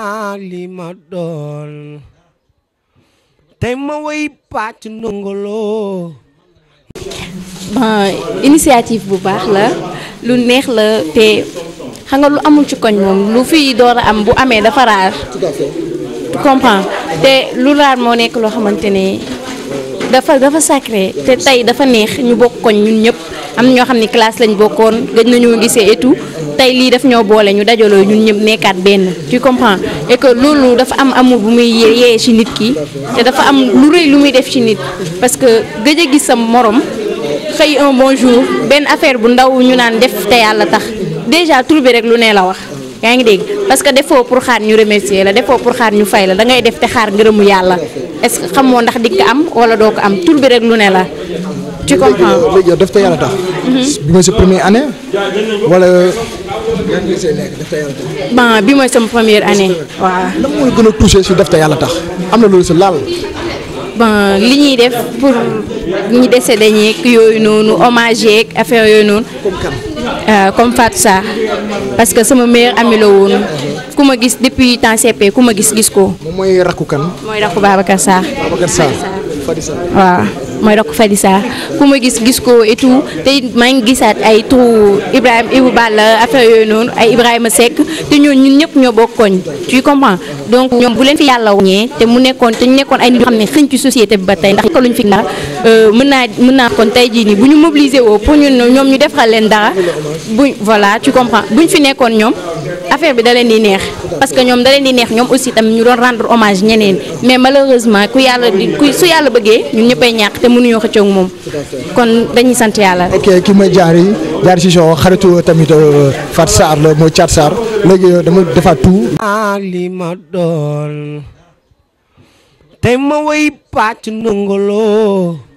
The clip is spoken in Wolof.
alima doon tey ma woy ndongo loo initiative bu baax la lu neex la te xam nga lu amul ci koñ moom lu fi door a am bu amee dafa raar. tu te lu raar moo nekk loo xamante ne dafa dafa sacré te tey dafa neex ñu bokk koñ ñun ñëpp am na ñoo xam ne classe lañ bokkoon gëj nañoo gisee et tay li daf ñoo boole ñu dajalo ñun ñëpp nekkaat benn tu comprends et que loolu dafa am amour bu muy yee ci nit ki te dafa am lu rëy lu muy def ci nit parce que gëj gi gis sa morom xëy un bon jour benn affaire bu ndaw ñu naan def te yàlla tax déjà tur rek lu ne la wax yaa ngi dégg parce que defoo pour xaar ñu remercier la defoo pour xaar ñu fay la da ngay def te xaar ngërëmu yàlla est-ce que xamoo ndax di am wala doo ko am tur bi rek lu ne la tu comprends léegi def te yàlla tax mhm. bi nga sa première année wala lan bi mooy sama première année. waaw lan moo gën a touché si def te yàlla tax am na loolu si laal. bon li ñuy def pour ñi décédé ñeeg yooyu noonu hommage yeeg affaire yooyu noonu. comme kan. Euh, comme Fatou parce que sama meilleur ami woon ku ma gis depuis temps CP ku ma gis gis ko. mooy rakku mooy rakku Babacar Sarr. Babacar mooy Rokfadi Sarr fu ma gis gis ko et tout te it maa ngi gisaat ay turu ibrahim Ibou Balla affaire yooyu non ay Ibrahima Seck te ñooñu ñun ñep ño bokkoñ tu comprends donc ñom bu len fi yalla wàññee te mu nekkon te ñu nekkoon ay nit yoo xëñ ci société bi ba tey ndax ko luñ fi dara euh naa mën kon tay ji ni bu ñu mobiliser woo pour ñun ñom ñu defal len dara bu voilà tu comprends buñ fi nekkon ñom affaire bi da leen di neex parce que ñom da leen di neex ñom aussi tam ñu doon rendre hommage ñeneen mais malheureusement ku yalla di ku su yalla bëggee ñun ñëppay ñàkk mënuñoo xëccoog moom. kon dañuy sant yàlla. ok ki may jaar yi jaar si son xaritu tamit euh, Fat Sarr la mooy Thiat Sarr léegi euh, dama defaat tout. li ma doon tey ma woy pàcc ndongolo.